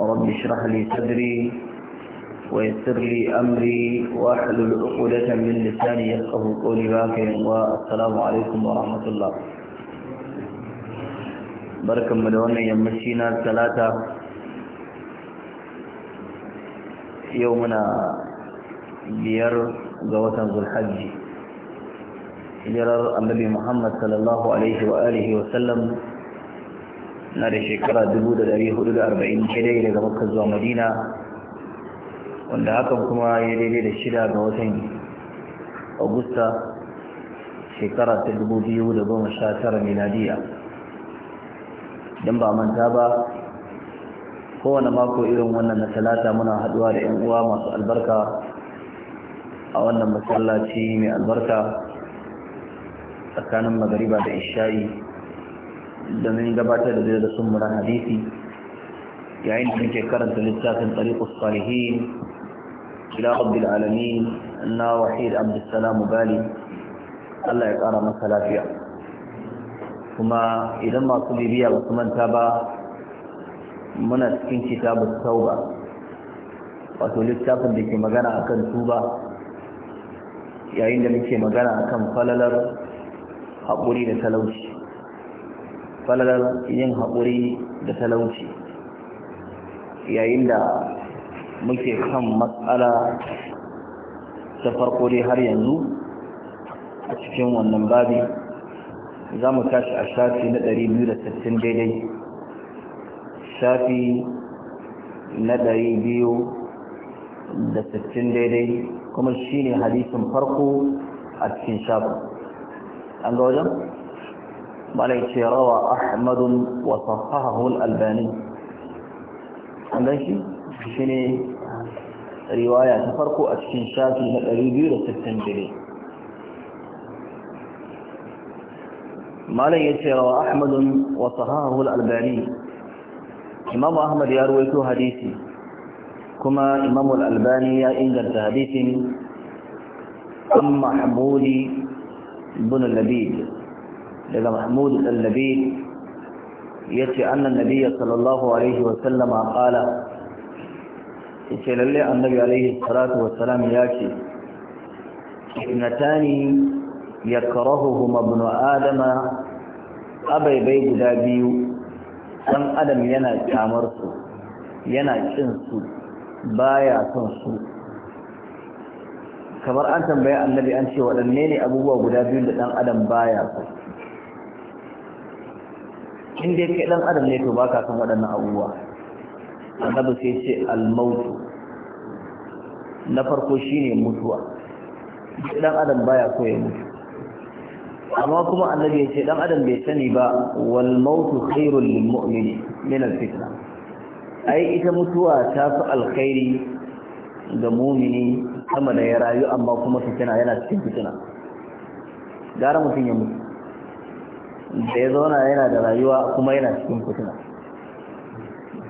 رب اشرح لي صدري ويسر لي أمري وأحلل عقدة من لساني يفقه قولي باكر والسلام عليكم ورحمة الله بركة مدونة يمشينا ثلاثة يومنا بير قوة ذو الحج جرر النبي محمد صلى الله عليه وآله وسلم na da shekara ke dai daga makka zuwa madina wanda hakan kuma ya daidai da shida ga watan agusta shekara ta 2019 miladiya don ba manta ba kowane mako irin wannan na talata muna haduwa da 'yan uwa masu albarka a wannan masallaci mai albarka tsakanin magariba da isha'i mun gabatar da zai da sun mura hadisi yayin da muke karanta littafin tariqus salihin ila rabbil alamin na wahid abdussalam bali Allah ya kara masa lafiya kuma idan masu bibiya ba su manta ba muna cikin kitabun tauba wato littafin da ke magana akan tuba yayin da muke magana akan falalar haƙuri da talauci falalar yin haƙuri da talauci yayin da muke kan matsala ta farko dai har yanzu a cikin wannan babi za mu tashi a shafi na 260 daidai shafi na 260 daidai kuma shi ne hadisin farko a cikin shafin an ga wajen? malai ce rawa ahmadun wa sahahul albani an shi ne riwaya ta farko a cikin shafi na 262 malai ya ce rawa ahmadun wa sahahul albani imamu ahmad ya ruwaito hadisi kuma imamu albani ya inganta hadisin an mahmudi bin labid daga mahmud al-nabi yace annan nabiyyi sallallahu alaihi wa sallama qala yace lalle annabi alaihi salatu wa salam yace ibnatani yakrahuhuma ibn adama abai bai guda biyu dan adam yana kamar su yana kin su baya son su kamar an tambaya annabi an ce waɗanne ne abubuwa guda biyu da dan adam baya so in dai kai dan adam ne to baka san waɗannan abubuwa annabi sai ce almautu na farko shine mutuwa dan adam baya so ya mutu amma kuma annabi ya ce dan adam bai sani ba wal maut khairul lil mu'mini min al fitna ai ita mutuwa ta fi alkhairi ga mu'mini sama da ya rayu amma kuma fitina yana cikin fitina gara mutum ya mutu da ya zauna yana da rayuwa kuma yana cikin fitina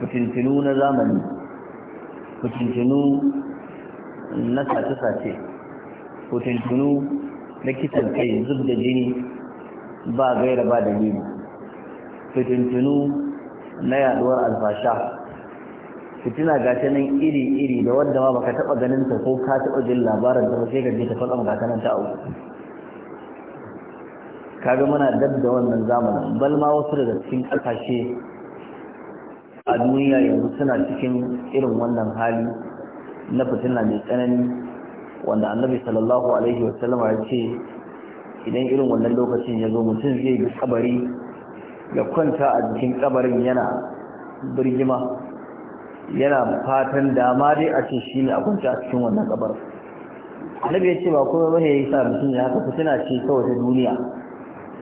fitintinu na zamani fitintinu na sace-sace fitintinu na kitan kai zub da jini ba gaira ba dalili fitintinu na yaduwar alfasha fitina ga ta nan iri-iri da wadda ma baka taba ganin ta ko ka taba jin labarin ta sai ga je ta faɗa maka nan ta au. kaga muna dab da wannan zamanin bal ma wasu daga cikin ƙasashe a duniya yanzu suna cikin irin wannan hali na fitina mai tsanani wanda annabi sallallahu alaihi wasallam ya ce idan irin wannan lokacin ya zo mutum zai bi kabari ya kwanta a jikin kabarin yana birgima yana fatan dama dai a ce shi ne a kwanta a cikin wannan kabar annabi ya ce ba kuma ba ya yi sa mutum ya haka fitina ce kawai ta duniya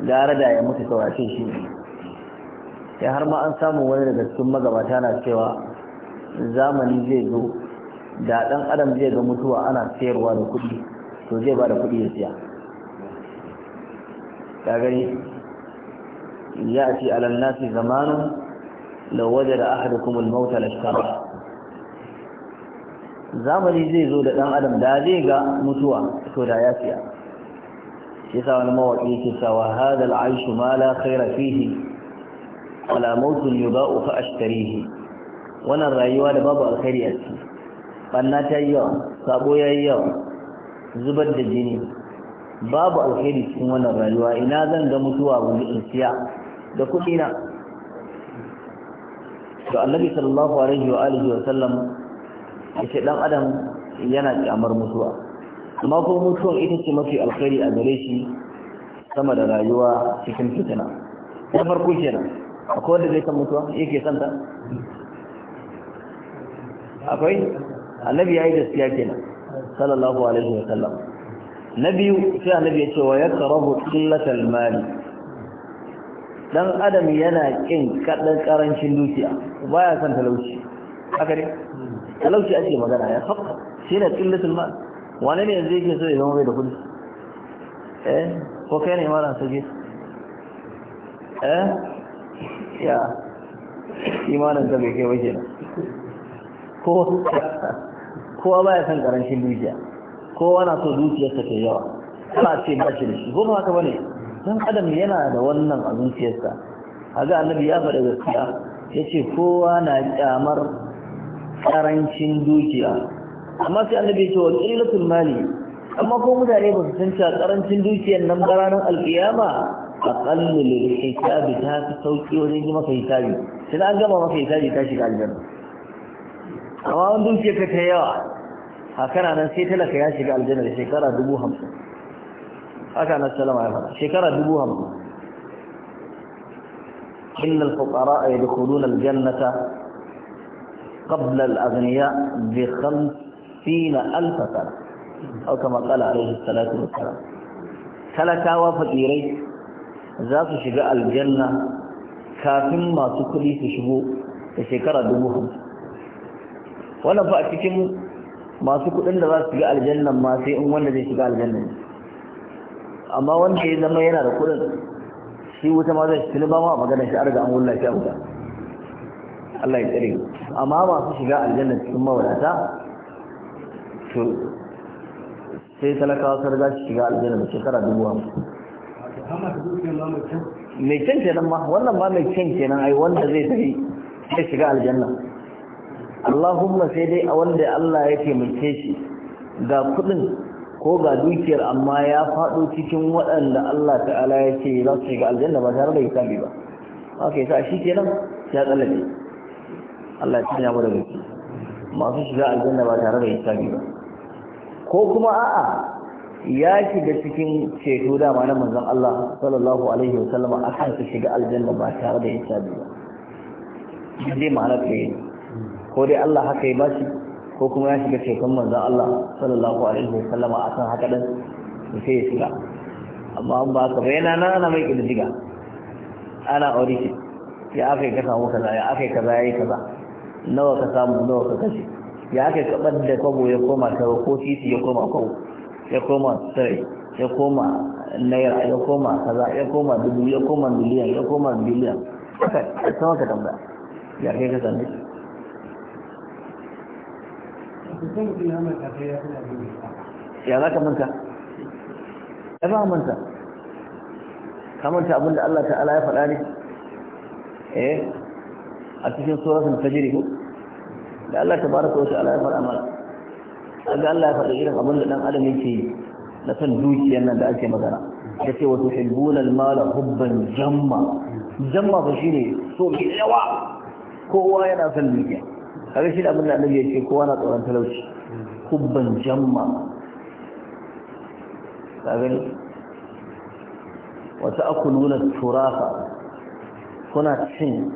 gara da ya mutu saurace shi sai har ma an samu wani daga cikin magabata na cewa zamani zai zo da ɗan adam zai ga mutuwa ana sayarwa da kuɗi to zai ba da kuɗi ya siya ta gani ya ce alal nasi zamanin da waje da ahadu kuma mauta lashkara zamani zai zo da ɗan adam da zai ga mutuwa to da ya siya yasa wani mawaƙi yake cewa hadal aishu ma la khaira fihi wala mautun yudau fa ashtarihi wannan rayuwa da babu alkhairi a ciki banna ta yi yawa sabo ya yi yawa zubar da jini babu alkhairi cikin wannan rayuwa ina zan ga mutuwa wani in siya da kuɗi na to annabi sallallahu alaihi wa alihi wa sallam ya yace dan adam yana kyamar mutuwa amma ko mutuwar ita ce mafi alkhairi a gare shi sama da rayuwa cikin fitina na farko kenan akwai wanda zai san mutuwa yake son ta akwai annabi yayi gaskiya kenan sallallahu alaihi wa sallam na biyu sai annabi ya ce wa rabu qillatal mali dan adam yana kin kadan karancin dukiya baya san talauci haka ne talauci ake magana ya haƙa shine qillatul mali wani ne yanzu yake so ya zama mai da kudi eh ko kai ne mara sage eh ya imanin ka bai kai ba kenan ko ba ya son karancin dukiya kowa na so dukiyarsa ta yawa ana ce ba shi da shi ko ba haka bane dan adam yana da wannan a zuciyarsa ga annabi ya faɗa gaskiya yace kowa na kyamar karancin dukiya amma sai annabi ya ce wa qillatul mali amma ko mutane ba su san cewa karancin dukiyar nan ba ranar alkiyama aqallu lil hisabi ta fi sauki wajen yi maka hisabi sai an gama maka hisabi ta shiga aljanna amma wani dukiyar ka ta yawa hakana nan sai talaka ya shiga aljanna da shekara dubu hamsin haka na salama ya fara shekara dubu hamsin innal fuqara yadkhuluna aljannata qabla al-aghniya bi khams sittina alfa sana au kama qala alaihi salatu wassalam talakawa fakirai za su shiga aljanna kafin masu kuɗi su shigo da shekara dubu hamsin wannan fa a cikin masu kuɗin da za su shiga aljannan ma sai in wanda zai shiga aljannan amma wanda ya zama yana da kuɗin shi wuta ma zai shiga ba ma magana shi arga an wulla shi a wuta Allah ya tsare amma masu shiga aljanna cikin mawadata to sai talakawa sun shi shiga aljanna da shekara dubu hamsin mai kyan kenan ma wannan ba mai kyan kenan ai wanda zai tafi sai shiga aljanna Allahumma sai dai a wanda Allah ya taimake shi ga kudin ko ga dukiyar amma ya faɗo cikin waɗanda Allah ta'ala ya ce za su shiga aljanna ba tare da hisabi ba ok sa shi kenan ya tsallake Allah ya tsanya mu daga masu shiga aljanna ba tare da hisabi ba ko kuma a'a ya shiga cikin ceto dama na manzon Allah sallallahu alaihi wa sallama akan su shiga aljanna ba tare da hisabi ba dai ma'ana ta yi ko dai Allah haka ya bashi ko kuma ya shiga ceton manzon Allah sallallahu alaihi wa a kan haka dan sai ya shiga amma an ba ka bayyana na ana mai kididdiga ana shi ya aka yi ka samu kaza ya aka yi kaza ya yi kaza nawa ka samu nawa ka kashe ya aka kaɓar da kwabo ya koma taro ko titi ya koma kwabo ya koma sarai ya koma naira ya koma kaza ya koma dubu ya koma miliyan ya koma biliyan haka sama ka tambaya ya kai ka sami ya za ka manta ya ka manta ka manta abinda Allah ta'ala ya faɗa ne eh a cikin suratul fajr ko da Allah ta baraka wasu ala ya faɗa mana kaga Allah ya faɗa irin abin da dan adam yake yi na son dukiyar nan da ake magana da ce wato hibbuna almala hubban jamma jamma ba shine so mai yawa kowa yana son dukiya kaga shi abin da annabi yake kowa na tsoron talauci hubban jamma kaga wata akuluna turafa kuna cin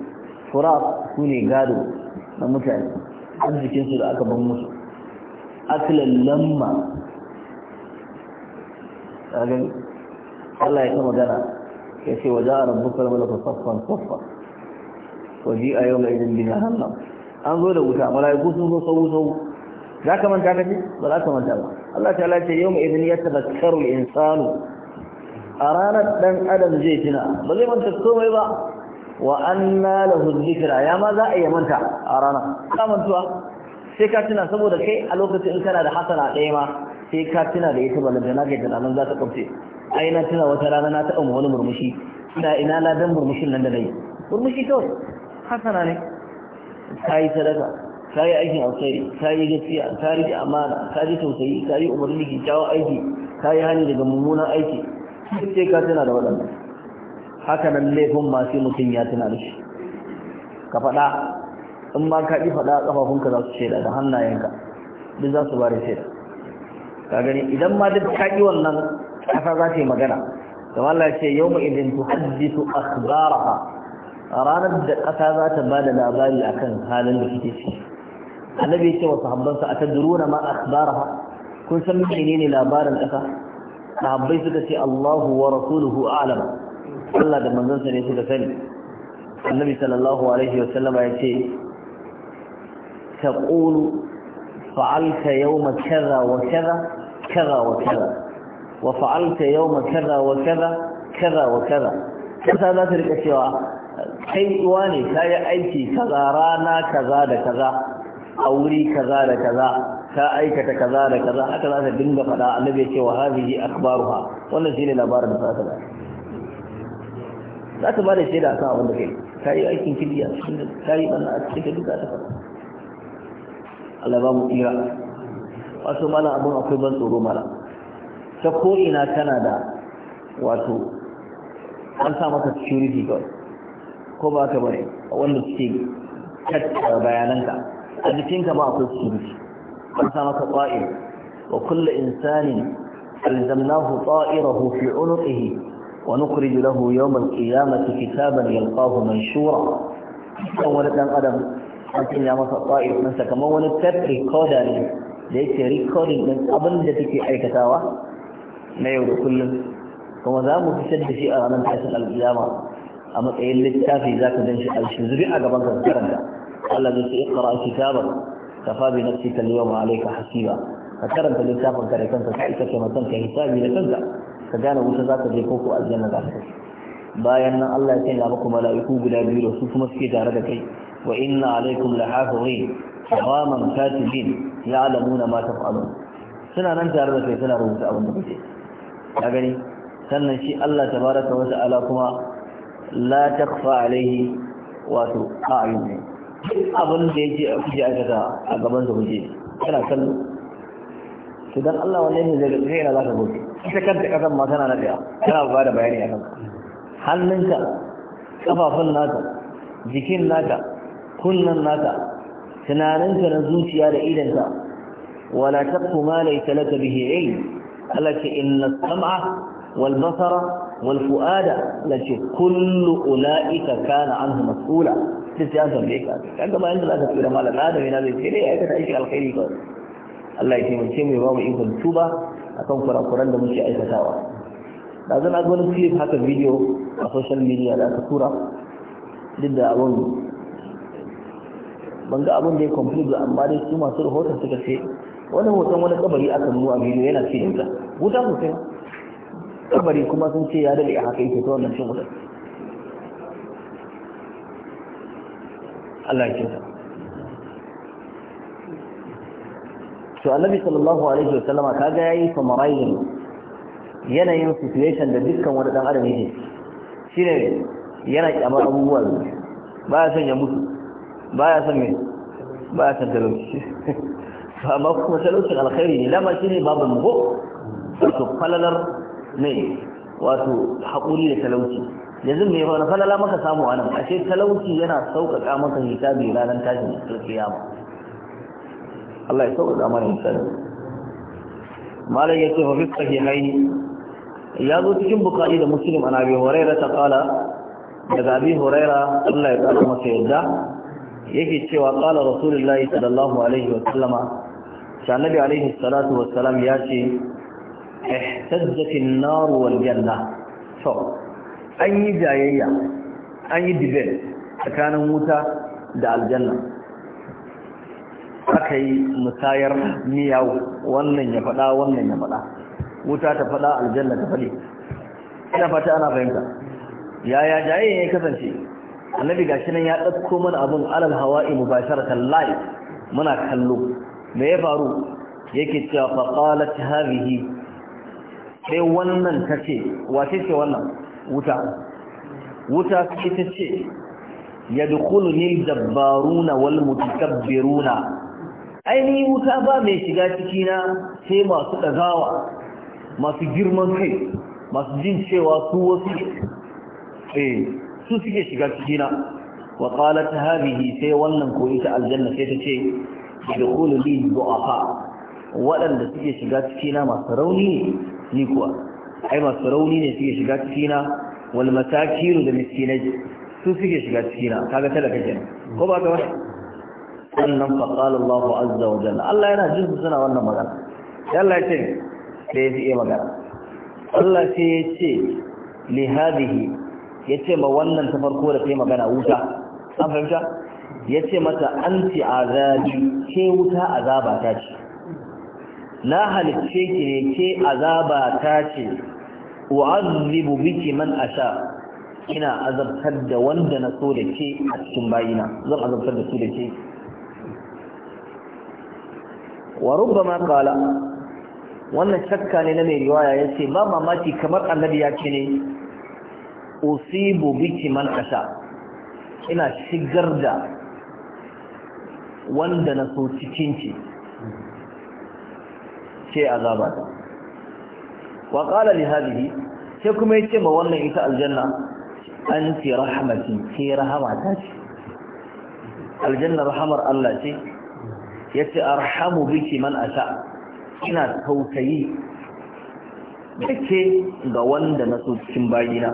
turaf su gado na mutane su da aka ban musu akilan lamma ɗagen Allah ya ta gana ya ce waje a rabu kalmar da saffan saffa ji a yau mai idan bin hannan an zo da wuta mala'iku sun zo sau sau za ka manta ka ce ba za ka manta ba Allah ta lace yau mai idan ya tabbatar insanu a ranar ɗan adam zai tina ba zai manta komai ba wa anna lahu dhikra ya ma za a yi manta a ranar ka mantuwa sai ka tuna saboda kai a lokacin in kana da hasana ɗaya ma sai ka tuna da ita balanta na kai tunanin za ta kwamce ai na tuna wata rana na taɓa wani murmushi ina ina ladan murmushin nan da nayi murmushi kawai hasana ne ka yi sadaka ka yi aikin alkhairi ka yi gaskiya ka yi amana ka ji tausayi ka yi umarni kyakkyawan aiki ka yi hani daga mummunan aiki sai ka tuna da waɗannan haka nan laifin masu mutum ya tuna da shi ka faɗa in ma ka ɗi faɗa ƙafafunka za su shaida da hannayenka duk za su ba da shaida ka gani idan ma duk ka ƙi wannan ƙasa za ta yi magana da Allah ce yau mu tu haddisu akhbaraha ranar da ƙasa za ta ba da labari akan halin da kike ciki annabi ya ce wa sahabbansa duruna ma akhbaraha kun san menene labarin ƙasa sahabbai suka ce Allahu wa rasuluhu alama. Allah da manzansa ne suka sani annabi sallallahu alaihi wa sallama ya ce taqulu fa'alta yawma kaza wa kaza kaza wa kaza wa fa'alta yawma kaza wa kaza kaza wa kaza kasa za ta rika cewa kai uwa ne ka yi aiki kaza rana kaza da kaza a wuri kaza da kaza ka aikata kaza da kaza haka za ta dinga faɗa annabi ya ce wa hazihi akbaruha wannan shine labarin da ta za ta ba da shaida kan abin da kai ka yi aikin kirki a cikin ka yi ɓanna a cikin duk za ta faɗa Allah ba mu tsira wato malam abin akwai ban tsoro malam ta ko ina tana da wato an sa maka security guard ko ba ka bane wanda suke tattara bayananka a jikinka ma akwai security an sa maka ƙwa'ir wa kullu insanin alzamnahu ta'irahu fi unuqihi ونخرج له يوم القيامة كتابا يلقاه منشورا أولا دان أدم أنتم يا مسا طائف نسا كما هو نتب ريكودا ليس ريكودا من أبن جتك أي كتاوة ما يورو كل كما ذا مفسد شيء أنا حسن القيامة أما قيل للتافي ذاك دنش الشزري أقبان تذكرنا الله ذي اقرأ كتابك كفى بنفسك اليوم عليك حسيبا فكرمت للتافي كريكا فكأيك كما تنك حسابي لتنك ka gane wuta za ka je ko ko aljanna za ka bayan nan Allah ya sanya maka mala'iku guda biyu da su kuma suke tare da kai wa inna alaikum lahafizin kiraman katibin ya'lamuna ma taf'alun suna nan tare da kai suna rubuta abin da kake ka gani sannan shi Allah tabaraka wa ta'ala kuma la takhfa alaihi wato a'yun abin da yake a kuje aikata a gaban da kuje kana kallo to dan Allah wannan ne zai zai yana ka gobe ita kanta kasan ma tana nadiya tana ba da bayani akan hannunka kafafun naka jikin naka kunnan naka tunaninka na zuciya da idanka wala taqfu ma laysa laka bihi ilm Allah ce inna sam'a wal basara wal fuada la ce kullu ulaika kana anhu mas'ula duk ya zambe ka kaga bayan da zaka tsira malama da na zai sai dai aikata aikin alkhairi kawai Allah ya taimake mu ya ba mu ikon tuba akan kurakuran da muke aikatawa da zan ga wani clip haka video a social media da aka tura duk da abun ban ga abun da ya complete amma dai su masu rahoton suka ce wani hoton wani kabari aka nuna a video yana ce da wuta sosai kabari kuma sun ce ya dade a haka yake ta wannan cin wutar Allah ya kyauta to annabi sallallahu alaihi wa sallama kaga yayi summarizing yanayin situation da dukkan wani dan adam yake shine yana kyamar abubuwa ba ya son ya mutu ba ya son me ba ya son talauci ba ma kuma talaucin alkhairi ne lama shi ne babu mugo wato falalar ne wato haƙuri da talauci yanzu me wani falala maka samu anan. ashe talauci yana sauƙaƙa maka hisabi ranar tashin kiyama Allah ya sauka mana insani malai yace fa fi sahihaini ya zo cikin bukari da musulun an abi huraira ta ƙala daga abi huraira Allah ya kara masa yadda yake cewa kala rasulullahi sallallahu alaihi wa sallama sanabi alaihi salatu wa salam ya ce eh ihtajjatin nar wal janna to an yi jayayya an yi debate tsakanin wuta da aljanna aka yi musayar miyawu wannan ya faɗa wannan ya faɗa wuta ta faɗa aljanna ta faɗi ina fata ana fahimta yaya jayayen ya kasance annabi gashi nan ya ɗauko mana abin alal hawa'i mubasharatan live muna kallo me ya faru yake cewa fa qalat hadhihi sai wannan ce. wace ce wannan wuta wuta ce tace yadkhuluni al-dabbaruna wal mutakabbiruna ainihin wuta ba mai shiga cikina sai masu ɗagawa masu girman kai masu jin cewa su wasu eh, su suke shiga cikina wa ƙalar ta harihi sai wannan koyi ta aljanna sai ta ce da zuwa du'afa waɗanda suke shiga cikina masu rauni ne ni kuwa ai masu rauni ne suke shiga cikina wal matakiru da miskinai su suke shiga cikina kaga talaka kenan ko ba ka wani sannan faƙal Allah azza wa jalla Allah yana jin suna wannan magana Allah ya ce da ya iya magana Allah sai ya ce lihadihi ya yace ma wannan ta farko da kai magana wuta an fahimta yace mata anti azabi ke wuta azaba ta ce na halicce ki ke azaba ta ce u'azzibu biki man asha ina azabtar da wanda na so da ke a cikin bayina zan azabtar da su da ke wa rubbama qala wannan shakka ne na mai riwaya yace ba mamaki kamar annabi ya ce ne usibu biki man kasha ina shigar da wanda na so cikin ki ce azaba wa qala li hadhihi sai kuma yace ma wannan ita aljanna anti rahmatin ke rahama ta ce aljanna rahamar Allah ce Ya yace arhamu biki man asha ina tausayi take ga wanda na so cikin bayina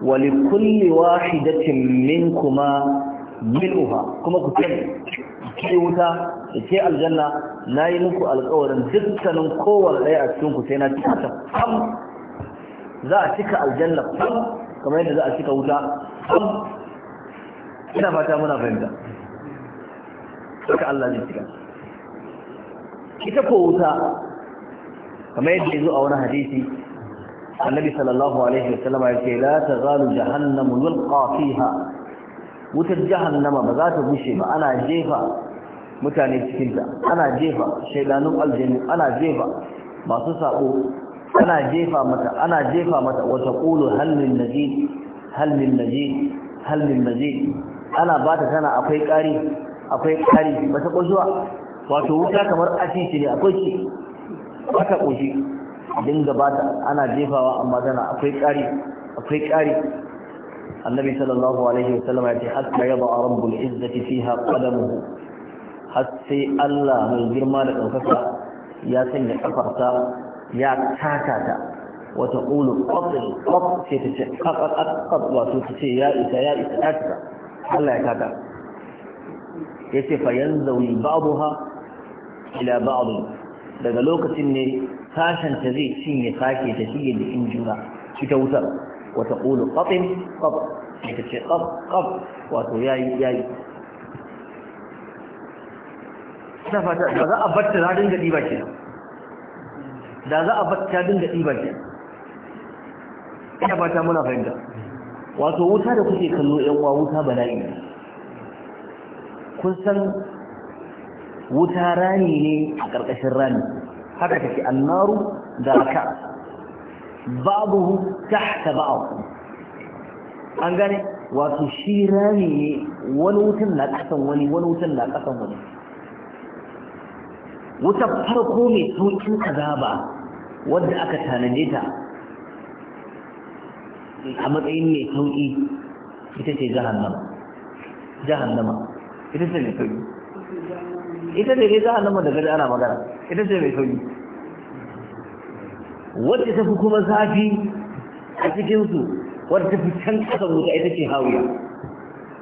wa li kulli wahidatin minkuma mil'uha kuma ku sani ke wuta da ke aljanna na yi muku alkawarin dukkanin kowane ɗaya a cikin sai na cika ta fam za a cika aljanna fam kamar yadda za a cika wuta fam ina fata muna fahimta haka Allah zai shiga ita ko wuta kamar yadda ya zo a wani hadisi annabi sallallahu alaihi wa sallama ya ce la tazalu jahannamu yulqa fiha wutar jahannama ba za ta bushe ba ana jefa mutane cikin ta ana jefa shaydanun aljannu ana jefa masu sako ana jefa mata ana jefa mata wa taqulu hal min najid hal min najid hal min najid ana bata tana akwai ƙari akwai ƙari ba ta ƙoshuwa wato wuta kamar asisi ne akwai shi ba ta ƙoshi dinga ba ta ana jefawa amma tana akwai ƙari akwai ƙari annabi sallallahu alaihi wa sallama ya ce hatta yaba rabbul izzati fiha qadamuhu har sai Allah mai girma da ɗaukaka ya sanya kafarta ya taka ta wata ulu ƙwaƙil ƙwaƙ sai ta ce ƙaƙaƙaƙ wato ta ce ya isa ya isa ya isa Allah ya taka yace fa yanzawi ba'daha ila ba'd daga lokacin ne sashen ta zai cinye sake ta shige jikin juna shi ta wutar wa taqulu qatin qab ita ce qab qab wato yayi yayi ta fata ba za a batta za dinga diba kenan da za a batta dinga diba kenan ina fata muna fahimta wato wuta da kuke kallo yan uwa wuta bala'i kun san wuta rani ne a ƙarƙashin rani haka take annaru da aka babu ta ba'd an gane wato shi rani ne wani wutan na ƙasan wani wani wutan na ƙasan wani wutar farko mai saukin azaba wadda aka tanade ta a matsayin mai sauƙi ita ce jahannama jahannama ita ce mai sauki ita ce kai nama da gari ana magana ita ce mai sauki wadda ta fi kuma zafi a cikinsu wadda ta fi can ƙasa wuta ita ce hawiya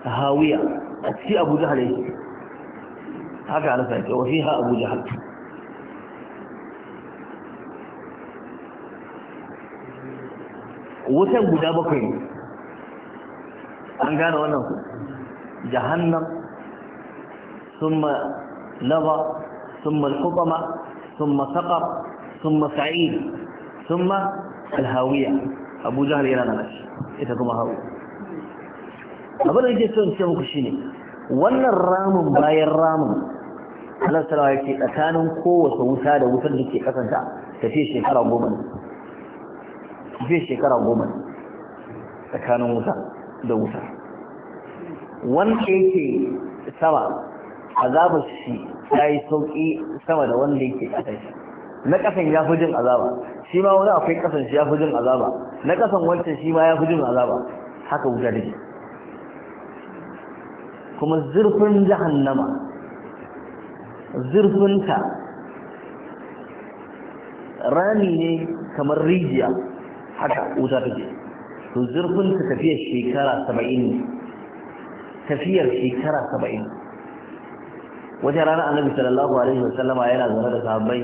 ta hawiya a cikin abu jahal yake haka ana sa ita wafi ha abu jahal wutan guda bakwai an gane wannan jahannam ثم لظى ثم الحطمة ثم سقر ثم سعيد ثم الهاوية أبو جهل إلى نمش إذا كما هو أبنى يجي سوء سيبوك الشيني وانا الرامم باي الرامم على السلام عليكي أتانا قوة ومسادة وفردكي حسن شعب تفيش شكرا قوما تفيش شكرا قوما أتانا موسى دوسى وانا يجي سوء azabar shi ya yi sauƙi sama da wanda yake ƙasar shi na ƙasan ya fi jin azaba shi ma wani akwai ƙasan shi ya fi jin azaba na ƙasan wancan shi ma ya fi jin azaba haka wuta take kuma zurfin jahannama zurfinta rami ne kamar rijiya haka wuta take to zurfinta tafiyar shekara saba'in tafiyar shekara saba'in wata ranar annabi sallallahu alaihi wa sallama yana zama da sahabbai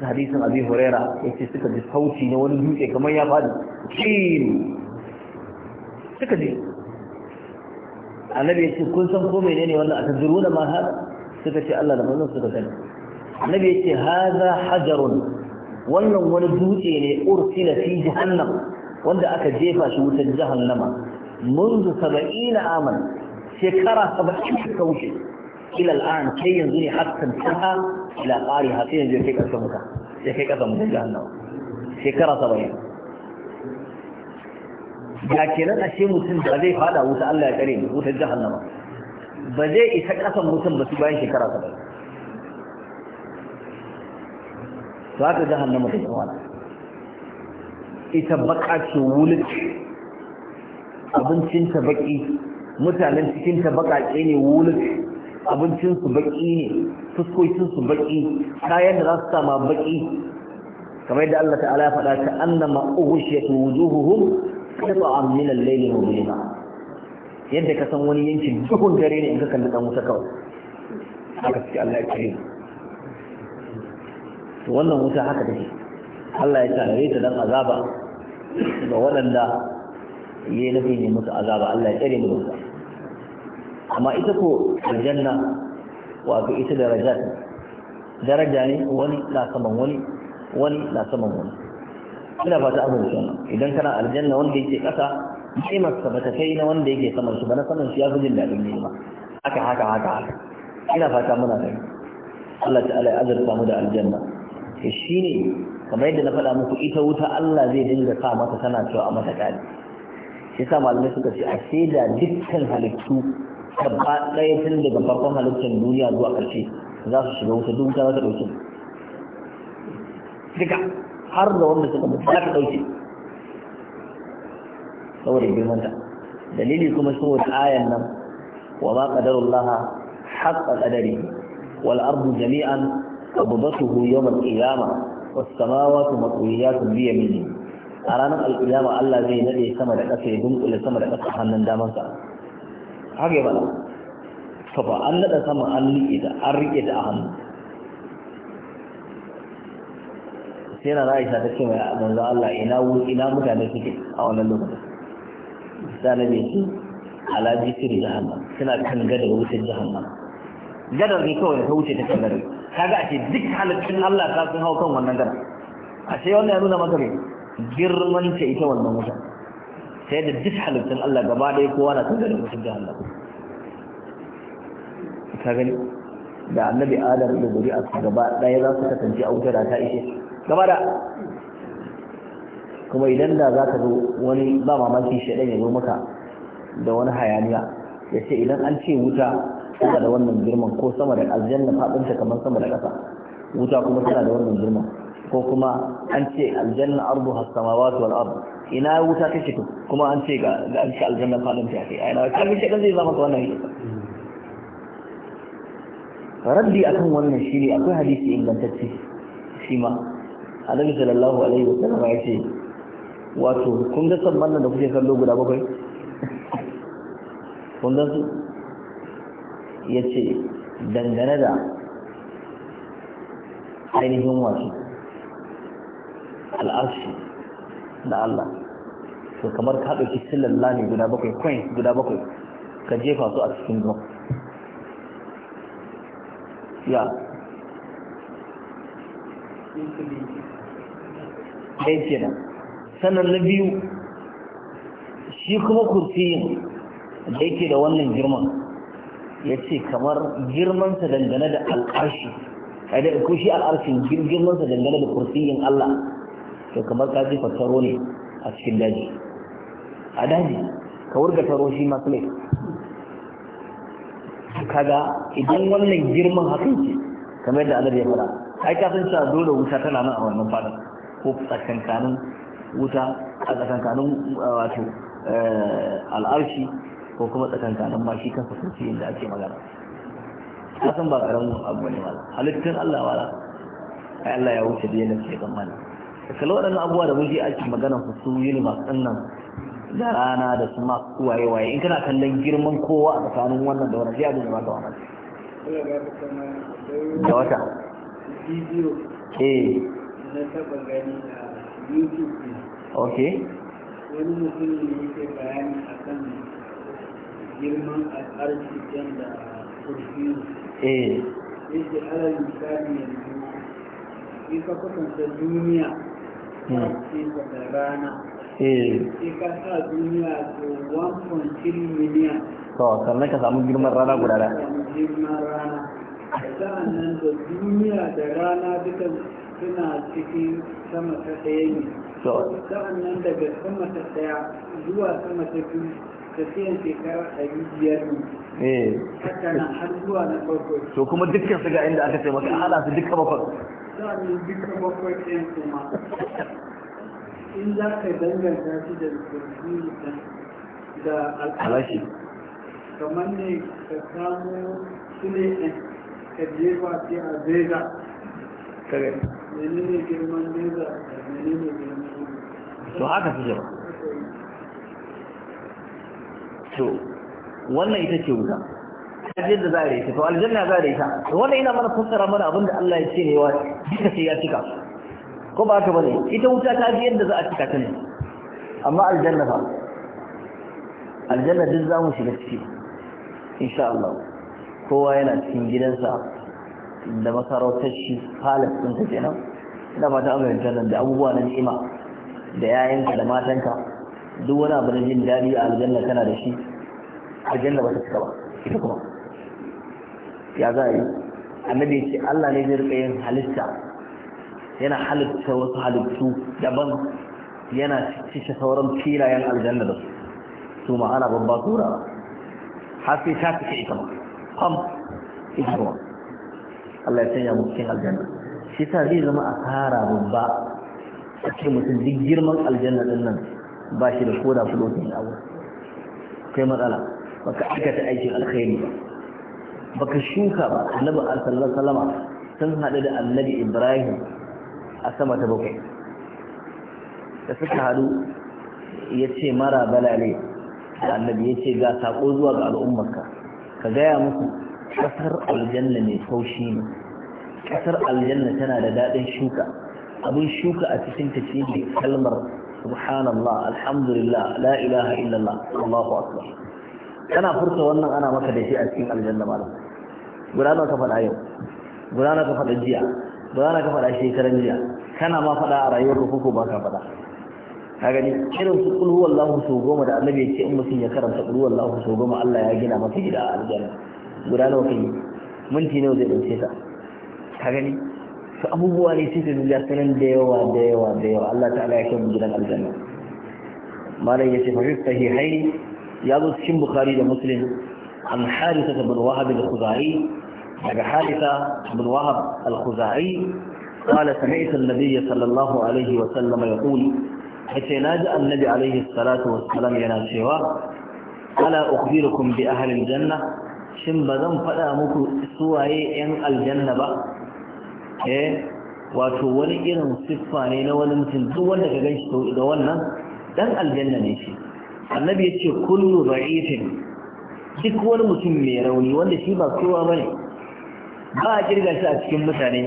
hadisin abi huraira yace suka ji sauti na wani dutse kamar ya fadi kin suka ji annabi yace kun san ko menene wannan a atadruna da hada suka ce Allah da manzon suka sani annabi yace hadha hajarun wannan wani dutse ne ursila fi jahannam wanda aka jefa shi wutar jahannama منذ 70 aman shekara 70 ta wuce إلى الآن كي ينزل حتى انتهى إلى قارها في ينزل كيك أسمك كيك أسمك جهنم شكرا سبعين لكن أنا شيء مسلم بذي هذا وسأل الله كريم وسأل جهنم بذي إسك أسم مسلم بسبعين شكرا سبعين فاك جهنم إذا إتبقى شوولك أبن baki mutanen cikinta baƙaƙe ne wulik abincinsu baƙi ne fuskokinsu baƙi kayan da za su sama baƙi kamar yadda Allah ta'ala ya faɗa ta annama ughshiyat wujuhuhum qat'an min al-layli mubina yadda ka san wani yankin duhun dare ne in ka kalli dan wuta kawai haka sai Allah ya kare to wannan wuta haka take Allah ya tare ta dan azaba ga waɗanda yayi nabi ne musu azaba Allah ya kare mu da amma ita ko aljanna wato ita daraja daraja ne wani na saman wani wani na saman wani ina fata abin shi idan kana aljanna wanda yake kasa ni'imar sa bata kai na wanda yake saman shi ba na saman shi ya fi jin daɗin ni'ima haka haka haka haka ina fata muna da Allah ta'ala ya azurta mu da aljanna shi ne kamar yadda na faɗa muku ita wuta Allah zai dinga sa mata tana cewa a mata ƙari shi sa malamai suka ce a shaida dukkan halittu gaba ɗaya tun daga farkon halittar duniya zuwa ƙarshe za su shiga wuta duk za ta ɗauke duka har da wanda suka mutu za ta ɗauke saboda girmanta dalili kuma saboda ayan nan wa ma qadarullaha haqqa qadari wal ardu jami'an qabdatuhu yawm al qiyamah was samawati matwiyatun bi yaminihi a ranar al Allah zai nade sama da ƙasa ya dunkule sama da ƙasa hannun damansa har yi bala to ba an nada sama an liƙe da an riƙe da a hannu sai na ra'isa ta ce mai manzo Allah ina ina mutane suke a wannan lokacin da na bai su alaji da hannu suna kan gadar da hannu, gada ne kawai ta wuce ta kan gada kaga a ce duk halittun Allah ta sun hau kan wannan gada a ce wannan ya nuna maka ne girman ce ita wannan mutane sai da duk halittun Allah gaba ɗaya kowa na tun da mutum Allah. ka gani da annabi adam da a gaba ɗaya za su kasance a da ta ishe gaba da kuma idan da za ka zo wani ba mamaki shaɗan ya zo maka da wani hayaniya ya ce idan an ce wuta tana da wannan girman ko sama da aljanna faɗinta kamar sama da ƙasa wuta kuma tana da wannan girman ko kuma an ce aljanna ardu hasamawati wal ard ina wuta take to kuma an ce ga ga an ce aljanna fadin ta kai ina kan shi kan zai zama ka wannan raddi akan wannan shine akwai hadisi ingantacce shi ma annabi sallallahu alaihi wa wasallam ya ce wato kun ga sabban da kuke kallo guda bakwai kun ga su ce dangane da ainihin wato al'arshi da Allah to kamar ka ɗauki sillalla Lami guda bakwai coins guda bakwai ka jefa su a cikin zuwa ya ɗaya nan sannan na biyu shi kuma kurfi da yake da wannan girman ya ce kamar girmansa dangane da al'arshi ko shi al'arshin girmansa dangane da yin Allah to kamar ka jefa taro ne a cikin daji a daji ka wurga taro shi masu ne kaga idan wannan girman hakan ce kamar yadda Allah ya fara ai ka san cewa dole wuta tana nan a wannan fadar ko tsakankanin wuta a tsakankanin wato eh, al'arshi ko kuma tsakankanin ma shi kansa soci inda ake magana ka san ba karamin abu ne mala halittun Allah wala ai Allah ya wuce da yadda ke tsammani kala waɗannan abubuwa da muke ake maganar su su universe ɗin ɗannan da rana da su masu waye waye in kana kallon girman kowa a tsakanin wannan da wannan zai abin da ba ka wannan da wata eh na taɓa gani a youtube ok wani mutum ne yake bayani akan girman al'arzikin da kurfi eh yake alal misali yanzu in ka kusanta duniya ka sa duniya to sannan ka samu girman rana guda da da duniya da rana duka suna cikin sama ta ne daga sama ta zuwa sama ta biyu tafiyan shekara ɗari biyar ne eh. haka nan har zuwa na farko to kuma dukkan su ga inda aka ce maka ala su duka bakwai sa'ani duka bakwai ɗin kuma in za ka danganta shi da rikirki da al'ashi kamar ne ka samu su ɗin ka jefa shi a zeza menene girman za zeza menene girman to haka su jama'a to wannan ita ce wuta kaji da za a yi ta to aljanna za a yi ta to wannan ina mana fassara mana abinda Allah ya ce ne wa duka sai ya cika ko ba haka bane ita wuta ta ji yadda za a cika ta ne amma aljanna fa aljanna duk za mu shiga ciki insha Allah kowa yana cikin gidansa da masarautar shi halin sun ta kenan ina fata an fahimta da abubuwa na ni'ima da yayanka da matanka duk wani abu da jin daɗi a aljanna kana da shi aljanna ba ta cika ba ita kuma ya za a yi annabi ya ce Allah ne zai rika yin halitta yana halitta wasu halittu daban yana cike sauran filayen aljanna da su su ma'ana babba tura har sai ta cike ita ma fam ita kuma Allah ya sanya mu cikin aljanna shi ta zai zama a asara babba a cikin mutum duk girman aljanna din nan ba shi da koda fulotin abu kai matsala baka aikata aikin alkhairi ba Ba ka shuka ba annabi sallallahu salama sun haɗu da annabi ibrahim a sama ta bakwai da suka haɗu ya ce mara balale da annabi ya ce ga saƙo zuwa ga al'ummarka ka gaya muku ƙasar aljanna mai taushi ne ƙasar aljanna tana da daɗin shuka abin shuka a cikin ta kalmar subhanallah alhamdulillah la ilaha illallah Allahu akbar kana furta wannan ana maka da shi a cikin aljanna malam guda nawa ka faɗa yau guda nawa ka faɗa jiya guda nawa ka faɗa shekaran jiya kana ma faɗa a rayuwar rukuku ba ka faɗa ka gani irin su kulhu wallahu sau goma da annabi ya ce in mutum ya karanta kulhu wallahu sau goma Allah ya gina masa gida a aljanna guda nawa kai minti nawa zai ɗauke ta ka gani su abubuwa ne sai da ga sanan da yawa da yawa da yawa Allah ta'ala ya kai mu gidan aljanna malam yace fa fi sahihaini ya zo cikin bukhari da muslim an harisa bin wahab al-khuzai daga harisa bin wahab al-khuzai قال سمعت النبي صلى الله عليه وسلم يقول حتى ناجى النبي عليه الصلاة والسلام ينا شوا ألا أخبركم بأهل الجنة شن بذن فلا مكو سواي ين الجنة با eh wato wani irin siffa ne na wani mutum duk wanda ka ganshi da wannan dan aljanna ne shi annabi ya ce kullu ra'ifin duk wani mutum mai rauni wanda shi ba kowa bane ba a kirga shi a cikin mutane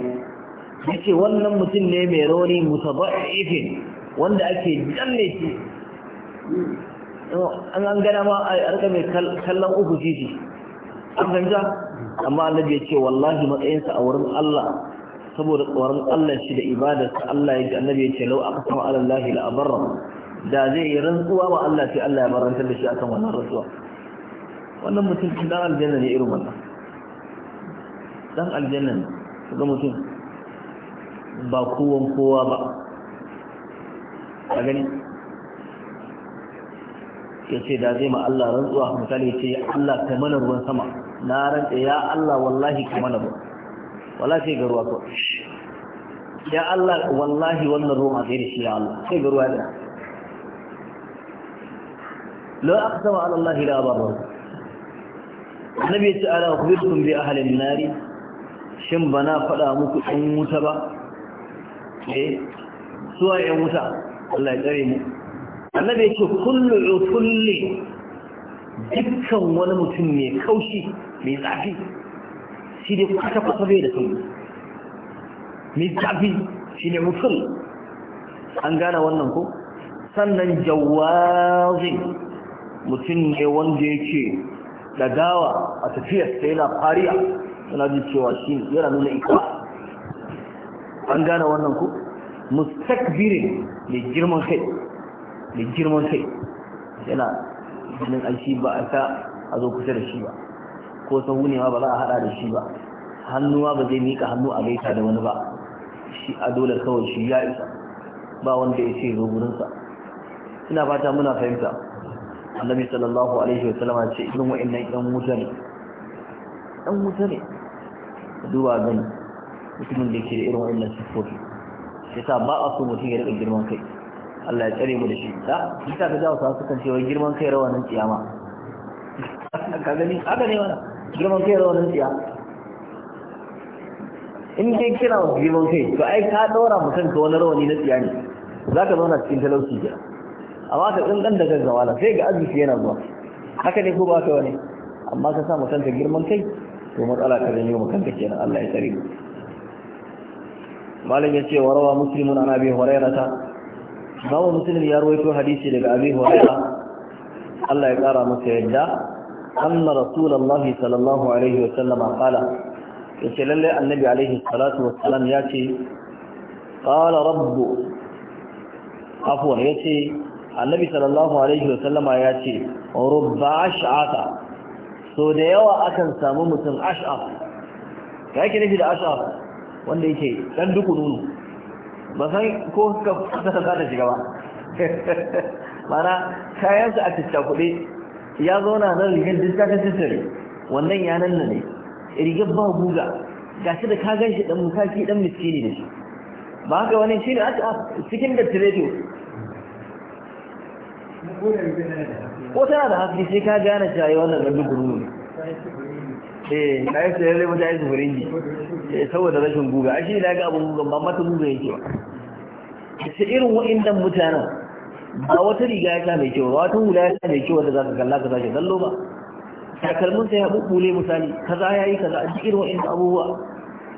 ya ce wannan mutum ne mai rauni mutaba'ifin wanda ake danne shi an an gana ma a rika mai kallon uku shi an fahimta amma annabi ya ce wallahi matsayinsa a wurin Allah saboda tsoron Allah shi da ibadarsa Allah ya ji annabi ya ce lau aka sama ala Allah la abarra da zai yi rantsuwa wa Allah sai Allah ya barantar da shi akan wannan rantsuwa wannan mutum dan aljanna ne irin wannan dan aljanna ne ga mutum ba kowan kowa ba a gani ya ce da zai ma Allah rantsuwa misali ya ce Allah ka mana ruwan sama na rantsa ya Allah wallahi ka mana ruwan wala sai ga ruwa kawai ya Allah wallahi wannan ruwan a da shi ya Allah sai ga ruwa da lo aka sama ala Allah ila ababar annabi ya ce ala akhbirtum bi ahli an-nar shin bana fada muku in wuta ba eh suwa yan wuta Allah ya tsare mu annabi ya ce kullu utulli dukkan wani mutum mai kaushi mai zafi shi ne kuka kwata bai da sun mai zafi shi ne mutum an gane wannan ko sannan jawazi mutum ne wanda yake dagawa a tafiya tafiyarsa yana fariya suna ji cewa shi yana nuna ikwa an gane wannan ku mustakbirin da girman kai da girman kai yana ganin aiki ba a ta a zo kusa da shi ba ko sahu ne ma ba za a haɗa da shi ba hannuwa ba zai miƙa hannu a gaita da wani ba shi a dole kawai shi ya isa ba wanda ya ce zo gurinsa ina fata muna fahimta annabi sallallahu alaihi wa sallama ce irin wa'annan ɗan wuta ne ɗan wuta ne duba gani mutumin da ke da irin wa'annan Ya sa ba a so mutum ya riƙa girman kai Allah ya tsare mu da shi da shi ta ga jawo sa sukan cewa girman kai rawanin kiyama ka gani haka ne wannan girman kai raunin tsiya in dai kira girman kai to ai ka daura mutum ka wani rawani na tsiya ne za ka zauna cikin talauci gida amma ka tsindan da gaggawa na sai ga arziki yana zuwa haka ne ko ba ka wani amma ka sa mutum ka girman kai to matsala ka zanyo mutum ka kenan Allah ya tsare malam ya ce wa rawa muslimun an abi hurairata bawo muslim ya rawaito hadisi daga abi hurairata Allah ya kara masa yadda anna rasulullahi sallallahu alaihi wa sallama qala yace lalle annabi alaihi salatu wassalam yace qala rabbu afwan yace annabi sallallahu alaihi wa sallama yace rubba ash'ata so da yawa akan samu mutum ash'af ya yake nufi da ash'af wanda yake dan duku nunu ba san ko ta shiga ba mana kayansa a tattakuɗe ya zauna zan rigar duk ta tattare wannan ya nan ne rigar ba guga ga shi da ka gan shi dan musaki dan miskini ne. shi ba haka wani shi ne aka cikin da tireto ko tana da hafi sai ka gane cewa yi wannan gandu gururu ne eh na yi sayar da mutane su furin ji eh, saboda rashin guga ashe da ga abin gugan ba mata guga yake ba da irin wa'in dan mutanen ba wata riga ya mai kyau ba wata hula ya mai kyau wanda za ka kalla ka sashe dallo ba takalmin sai ya bubbule misali kaza ya yi kaza a ji irin wa'in abubuwa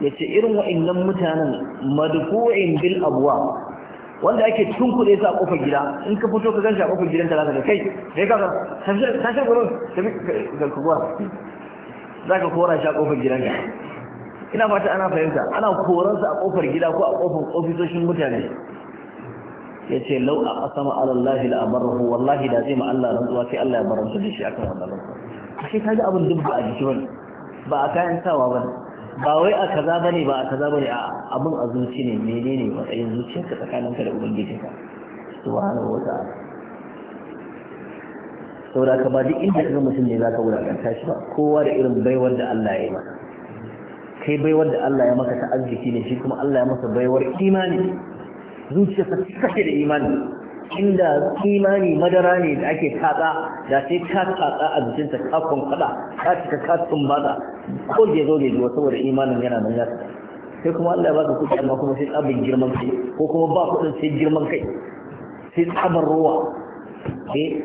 ya ce irin nan mutanen madfu'in bil abuwa wanda ake tunkuɗe su a ƙofar gida in ka fito ka gan shi a ƙofar gidan talata da kai sai ka tashi gurin ka kuwa za ka kora shi a ƙofar gidan ka ina fata ana fahimta ana koransa a ƙofar gida ko a ƙofar ofisoshin mutane ya ce lau a ƙasama alallahi da abarrahu wallahi da zai ma'alla rantsuwa sai Allah ya baranta da shi akan wannan rantsuwa a shi kaga abin duk ba a jiki wani ba a kayan sawa ba ba wai a kaza bane ba a kaza bane a abin a zuci ne ne matsayin zuciyarka ka da ubangijinka subhanahu wa ta'ala saboda ka ba duk inda kaga mutum ne zaka wulakanta shi ba kowa da irin baiwar da Allah ya yi maka kai baiwar da Allah ya maka ta arziki ne shi kuma Allah ya masa baiwar imani zuciya ta sake da imani inda imani madara ne da ake katsa da sai ka tatsa a ta ka kada ka cika ka tumbata ko da zo da saboda imanin yana nan ya sai kuma Allah ya baka kuɗi amma kuma sai tsabin girman kai ko kuma ba kuɗin sai girman kai sai tsabar ruwa eh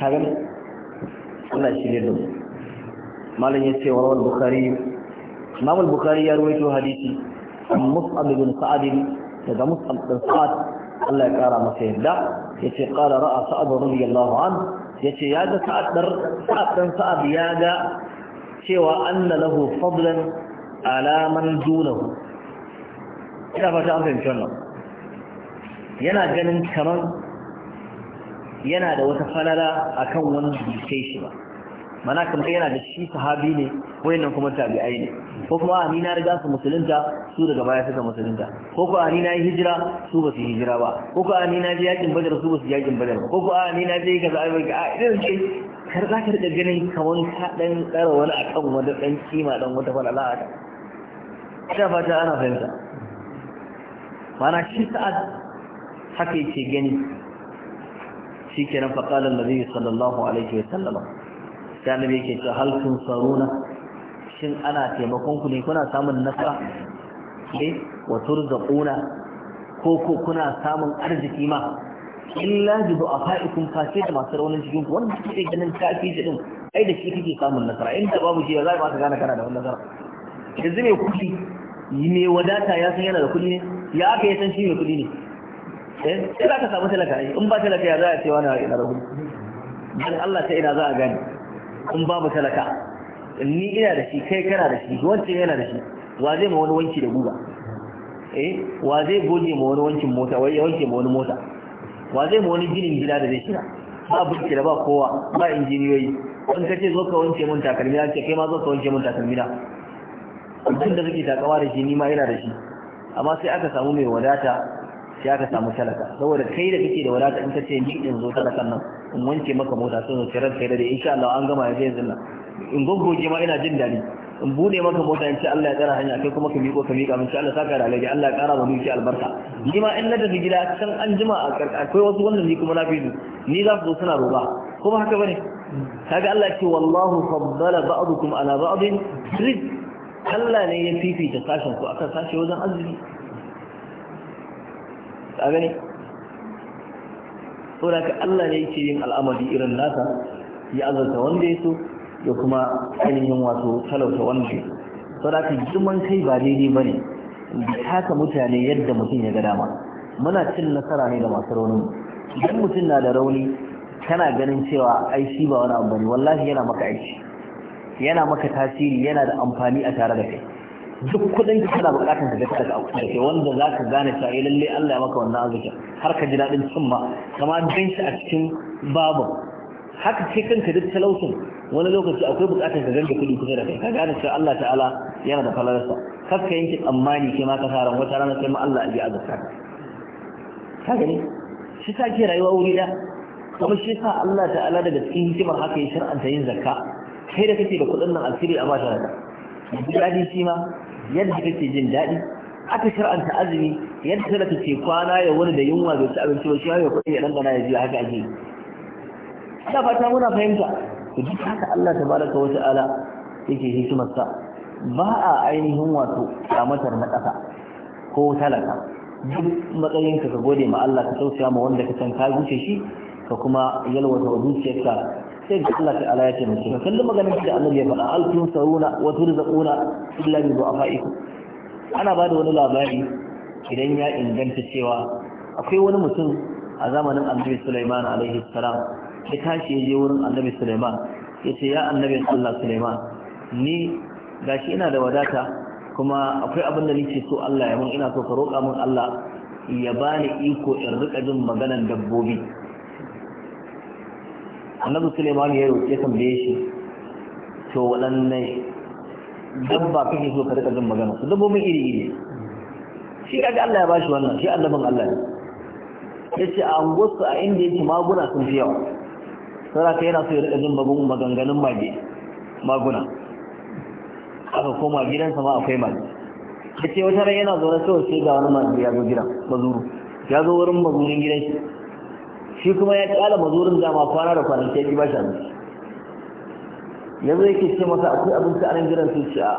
kaga Allah shi ne dum malam ya ce warwar bukhari imam al-bukhari ya ruwaito hadisi an mus'ab bin sa'ad daga mus'ab bin sa'ad Allah ya kara masa yadda yace qala ra'a sa'ad radiyallahu an yace ya ce sa'ad dar sa'ad dan sa'ad ya ga cewa anna lahu fadlan ala dunahu ina fata an fahimci wannan yana ganin kamar yana da wata falala akan wani bai shi ba mana kamar yana da shi sahabi ne wayannan kuma tabi'ai ne ko kuma ni na riga su musulunta su daga baya suka musulunta ko ko ani na yi hijira su ba su hijira ba ko ko ani na je yakin badar su ba su yakin badar ba ko ko ani na je kaza ai ga irin ce kar za ka riga ganin kamar ka dan tsara wani akan wani dan kima dan wata falala haka ta fata ana fahimta mana shi sa'ad haka yake gani shikenan faqala annabi sallallahu alaihi wa sallam sai annabi yake cewa hal kun saruna shin ana taimakon ku ne kuna samun nasara ne eh, wa turzaquna ko ko kuna samun arziki ma illa bi du'afaikum fasai da masu raunin cikin ku wanda kike ganin kafi din ai da shi kike samun nasara Inda babu shi ya zai ba ka gane kana da wannan nasara yanzu me kuɗi me wadata ya san yana da kuɗi ne ya aka yi san shi me kuɗi ne eh sai za ka samu talaka in ba talaka ya za a ce wani yana da kuɗi dan Allah ta ina za a gane in babu talaka ni ina da shi kai kana da shi wancan yana da shi wa zai ma wani wanki da guga eh wa zai goge ma wani wankin mota wai wanke ma wani mota wa zai ma wani ginin gida da zai shira ba burki da ba kowa ba injiniyoyi in ka ce zo ka wanke mun takalmi an ce kai ma zo ka wanke mun takalmi na abin da kake takawa da shi ni ma ina da shi amma sai aka samu mai wadata sai aka samu talaka saboda kai da kake da wadata in kace ni in zo talakan nan in wanke maka mota sun zo ran kai da insha Allah an gama yanzu yanzu nan in goggoge ma ina jin dadi in bude maka mota in ce Allah ya tsara hanya kai kuma ka miƙo ka miƙa min ce Allah saka da alaji Allah ya ƙara wa miki albarka ni ma in na tafi gida can an jima a ƙarƙa akwai wasu wannan ni kuma na fi ni za su zo suna roba ko haka bane kaga Allah ce wallahu faddala ba'dukum ala ba'd rizq Allah ne ya fifita sashen ku akan sashe wajen arziki ka gani da ka Allah ne yake yin al'amari irin nasa ya azalta wanda ya so ya kuma ainihin wato talauta wanda ya so da ka girman kai ba daidai ba ne da haka mutane yadda mutum ya ga dama muna cin nasara ne da masu rauni idan mutum na da rauni kana ganin cewa ai shi ba wani abu bane wallahi yana maka aiki yana maka tasiri yana da amfani a tare da kai duk kudin ka kana bukatan ka daga daga ke wanda za ka gane cewa eh lalle Allah ya maka wannan azuka har ka ji dadin cin kama bin shi a cikin babu haka ce kanka duk talaucin wani lokaci akwai bukatar ka ganga kudi kusa da kai ka gane cewa Allah ta'ala yana da falalarsa kar ka yanke tsammani kai ma ka ran wata rana sai ma Allah ya ji azuka ka gani shi ta ke rayuwa wuri da kuma shi sa Allah ta'ala daga cikin hikimar haka ya shar'anta yin zakka kai da kake da kudin nan asiri a ba ta da daɗi shi ma yadda kake jin daɗi aka shar'anta azumi yadda kada ka kwana ya wani da yunwa da su abinci ba shi ya kuɗi ya ɗanɗana ya jiya haka ake da fata muna fahimta to duk haka Allah tabaraka wa ta'ala yake hikimarsa ba a ainihin wato kyamatar na ƙasa ko talaka duk matsayinka ka gode ma Allah ka tausaya ma wanda ka san ka guce shi ka kuma yalwata wa zuciyarka sai ga Allah ta'ala ya taimake ka kallon maganar da Allah ya faɗa hal tun wa turzaquna illa bi du'afaikum ana ba da wani labari idan ya inganta cewa akwai wani mutum a zamanin Annabi Sulaiman alaihi salam ya tashi ya je wurin Annabi Sulaiman ya ce ya Annabi Allah Sulaiman ni gashi ina da wadata kuma akwai abin da nake so Allah ya mun ina so ka roƙa mun Allah ya bani iko in rika jin maganar dabbobi annabi suleiman ya roƙe tambaye shi to waɗanne dabba kake so ka rika jin magana su dabbobin iri iri shi kaga Allah ya bashi wannan shi annabin Allah ne yace a angosu a inda yake maguna sun fi yawa ka yana so ya rika jin maganganun mage maguna aka koma gidansa ma akwai mage yace wata ran yana zaune kawai sai ga wani mage ya zo gidan mazuru ya zo wurin mazurin gidan shi shi kuma ya kala mazurin dama kwana da kwanaki ya ki bashi Ya yanzu yake ce masa akwai abinci a nan gidan su ce a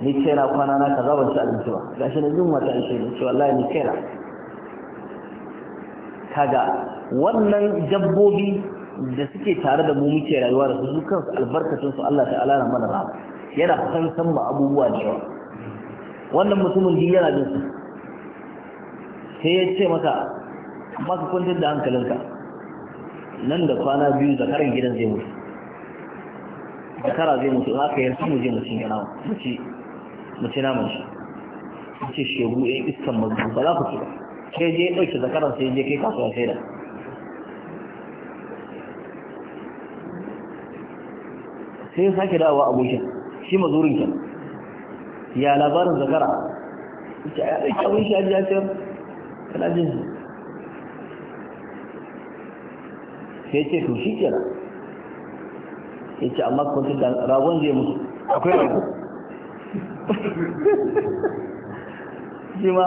ni ce na kwana na kaza ban ci abinci ba shi na jin wata ishe shi ce wallahi ni ce na kaga wannan dabbobi da suke tare da mu muke rayuwa da su kansu albarkacin su Allah ta'ala na mana rahama yana san ba abubuwa da yawa wannan mutumin din yana jin su sai ya ce maka amma ka kwantar da hankalinka nan da kwana biyu zakaran gidan zai mutu zakara zai mutu haka yanzu mu je mu cin yana mu ci naman shi mu ce shegu ya iskan mazu ba za ku ci ba sai je ya ɗauke zakaran sai je kai kasuwa sai da sai sake dawa abokin shi mazurin kyan ya labarin zakara ya ɗauke abin shi a jiyar kana jin sai ce to shi kenan ya ce amma kwanci da ragon zai mutu akwai rago shi ma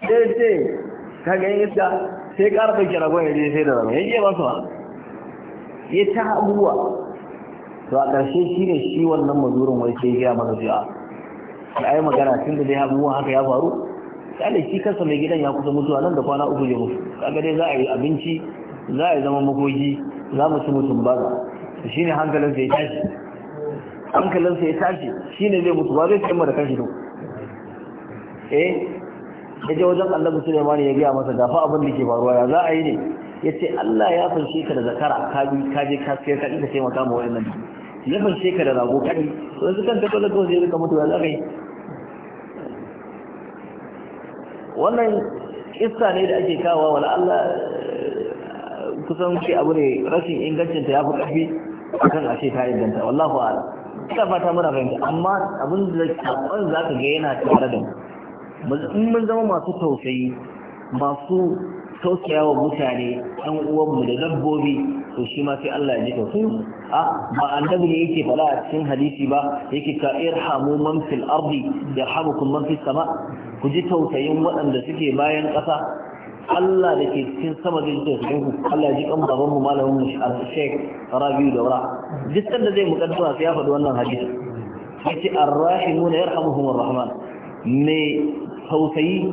sai ce ka gani iska sai kara ɗauki ragon ya je sai da ragon ya je masu ba ya ta abubuwa to a ƙarshe shi ne shi wannan mazurin wai sai ya mana zuwa da ayi magana tun da dai abubuwa haka ya faru sai shi kansa mai gidan ya kusa mutuwa nan da kwana uku ya mutu kaga dai za a yi abinci za a zama magogi za mu ci mutum baza shi ne hankalinsa ya tashi hankalinsa ya tashi shi ne zai mutu ba zai kyan da kashi eh ya je wajen annabi mani ya gaya masa gafa abin da ke faruwa ya za a yi ne ya ce Allah ya fanshe ka da zakara ka bi ka je ka kai ka ɗin ka taimaka ma ya fanshe ka da rago kaɗi to yanzu kan tabbata kawai zai rika mutu ya za ka yi wannan kissa ne da ake kawo wa Allah kusan ce abu ne rashin ingancinta ya fi a akan ashe ta inganta wallahu ala ta fata muna fahimta amma abin da sakon za ka ga yana tare da mu in mun zama masu tausayi masu tausaya wa mutane ɗan uwanmu da dabbobi to shi ma sai Allah ya ji tausayi a ba annabi ne yake fara a cikin hadisi ba yake ka irhamu man fil ardi yarhamukum man fis sama ku ji tausayin waɗanda suke bayan ƙasa Allah da ke cikin sama zai ji tausayin Allah ya ji kan baban mu malamin mu Sheikh da Daura duk da zai mukaddima sai ya faɗi wannan hadisi yace ar-rahimuna yarhamuhumur rahman me tausayi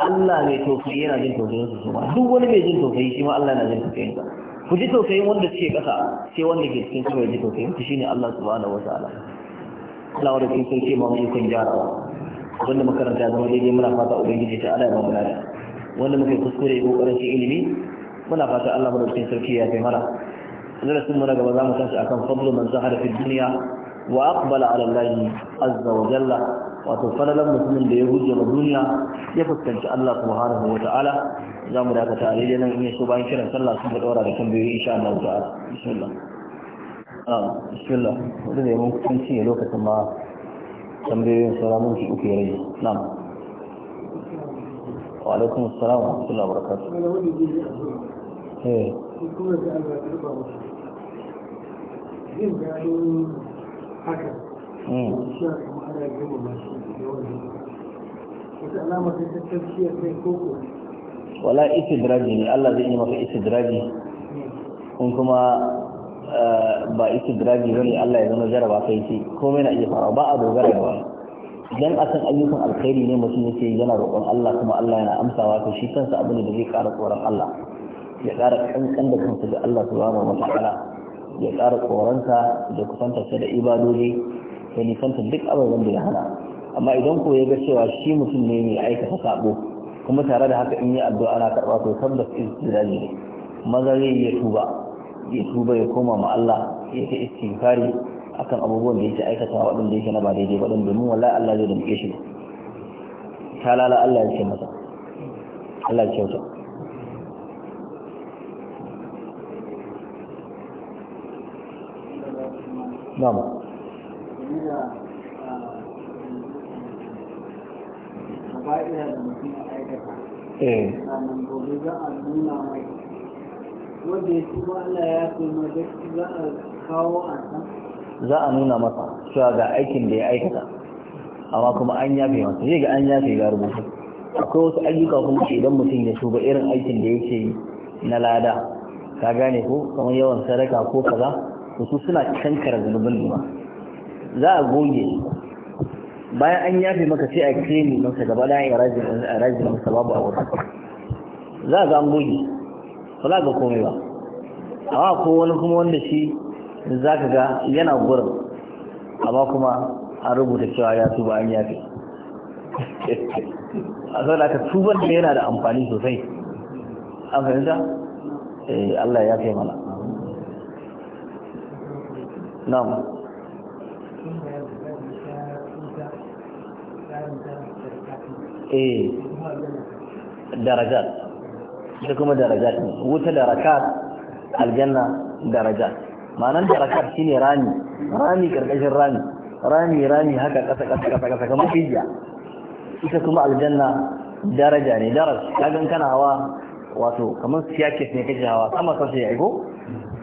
Allah mai tausayi yana jin tausayin su ma duk wani mai jin tausayi shi ma Allah yana jin tausayin sa ku ji tausayin wanda suke kasa sai wanda ke cikin sama ji tausayin shi shine Allah subhanahu wataala Allah wanda kin ce ma mu kun jarawa abinda makaranta zama daidai muna fata ubangiji ta Allah ya ba mu lafiya wanda muke kuskure ko karancin ilimi muna fata Allah madaukakin sarki ya kai mana darasin mu na gaba zamu tashi akan fadlu man zahara fi dunya wa aqbala ala Allah azza wa jalla wato falalan mutumin da ya huje ma duniya ya fuskanci Allah subhanahu wa ta'ala zamu dakata a daidai nan in yaso bayan kiran sallah sun daura da tambayoyi insha Allah ta'ala bismillah ah bismillah wanda ne mun kunci lokacin ma tambayoyin sauran ki uku na'am وعليكم السلام ورحمة الله وبركاته أنا ولي جيه أخوه إيه. يكون في أنها تلقى وشيء جيه بعيون يعني حكم الشيخ محلى الجمع ماشي وتألامة التبشية في كوكو ولا إسدراجي الله ذي إنما في إسدراجي كما ba isu dragi wani Allah ya zama jaraba kai shi komai na iya fara ba a dogara da wani idan a kan ayyukan alkhairi ne mutum yake yana roƙon Allah kuma Allah yana amsawa to shi kansa abu ne da zai ƙara tsoron Allah ya ƙara kankan da kansa da Allah subhanahu wa ta'ala ya ƙara tsoronsa da kusantarsa da ibadoji ya nisanta duk ababen da ya hana amma idan ko ya ga cewa shi mutum ne mai aikata sabo kuma tare da haka in yi addu'a ana karɓa to tabbas istidali ne maza zai iya tuba ya tuba ya koma ma Allah ya ta istighfari akan abubuwan da yake aikata waɗanda yake na ba daidai ba don domin wala Allah zai damke shi ta lala Allah ya ce masa Allah ya kyauta Na'am. Eh. Wanda ya kuma Allah ya kuma da za a kawo a san za a nuna masa cewa ga aikin da ya aikata amma kuma an yafe masa zai ga an yafe ga rubutu akwai wasu ayyuka kuma idan mutum ya shuba irin aikin da yake yi na lada ka gane ko kamar yawan sadaka ko kaza Wasu suna kankara zunubin ba za a goge bayan an yafe maka sai a kire masa gaba da ya rajin masa babu a wurin za a ga an goge ba za ga komai ba amma ko wani kuma wanda shi za ka ga yana gurin amma kuma an rubuta cewa ya tuba an yafe a saboda ka tuban da yana da amfani sosai an fahimta eh Allah ya kai mana na'am eh darajat ita kuma darajat ne wuta darajat aljanna darajat manan da shine rami rami karkashin rami rami rami haka kasa kasa kasa kasa kamar rijiya ita kuma aljanna daraja ne daras kagan kana hawa wato kamar siyakis ne kake hawa sama kasa ya ego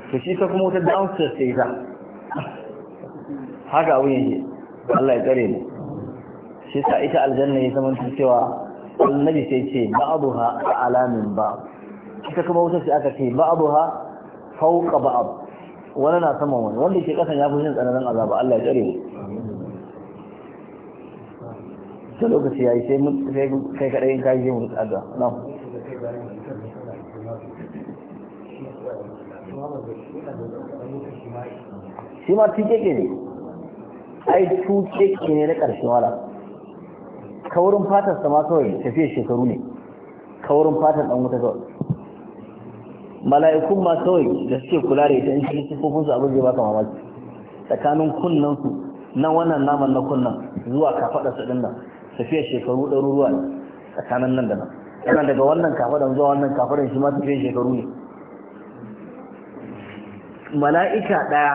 to shi ta kuma wata downstairs ta ita haka abu yake Allah ya tsare ne. shi sa ita aljanna ya zama cewa annabi sai ce ba'dha a'la min ba. ita kuma wata sai aka ce ba'dha fawqa ba'd wani na saman wani wanda ke kasan ya fi shi tsananin azaba Allah ya tsare mu ta lokaci ya yi sai kai kadai in kaji mu tsada na shi ma keke ne ai tukeke ne na ƙarshen wala kawurin fatar sama kawai tafiyar shekaru ne kawurin fatar ɗan wuta kawai mala'ikun ma kawai da suke kula da ita in shi sifofin su abin ba baka mamaki tsakanin kunnan su na wannan naman na kunnan zuwa kafada su dinnan tafiya shekaru ɗaruruwa ne tsakanin nan da nan yana daga wannan kafadan zuwa wannan kafadan shi ma tafiya shekaru ne mala'ika ɗaya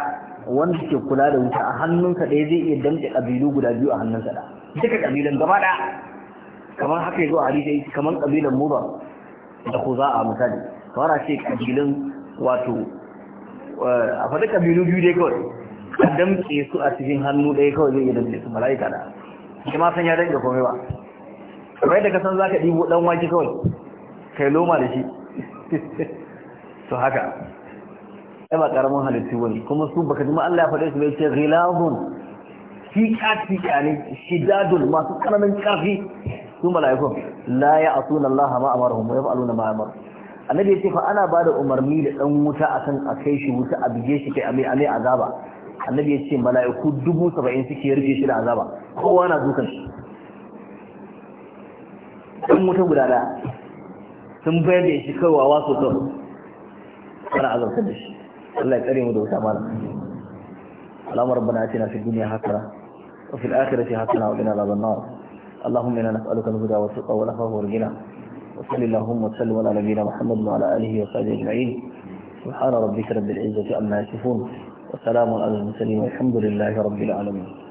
wanda ke kula da wuta a hannunsa ɗaya zai iya damƙe ƙabilu guda biyu a hannunsa ɗaya duka ƙabilan gaba ɗaya kamar haka ya zo a hadisi kamar ƙabilan mura da ku za a misali fara ce kabilun wato eh, a faɗi kabilu biyu dai kawai a damke su a cikin hannu ɗaya kawai zai iya damke su mala'ika da ke ma san ya damke komai ba kamar da ka san za ka ɗi ɗan wake kawai kai loma da shi to haka ai ba ƙaramin halittu wani kuma su baka jima Allah ya faɗe su mai ce rilazun fiƙa-fiƙa ne shidadun masu ƙananan ƙarfi su mala'ikun la ya na Allah ma ya wa yaf'aluna ma amarhum annabi ya ce fa ana ba da umarni da ɗan wuta a a kai shi wuta a bige shi kai a mai azaba annabi ya ce mala'iku dubu saba'in suke rike shi da azaba kowa na dukan shi ɗan wuta guda ɗaya sun bayar da shi kai wawa so kawai ana azabtar da shi Allah ya tsare mu da wuta mana alamar bana ce na fi duniya hasara وفي الآخرة حسنة وقنا عذاب النار اللهم إنا نسألك الهدى والتقى والعفو والغنى وصل اللهم وسلم على نبينا محمد وعلى آله وصحبه أجمعين سبحان ربك رب العزة عما يصفون وسلام على المرسلين والحمد لله رب العالمين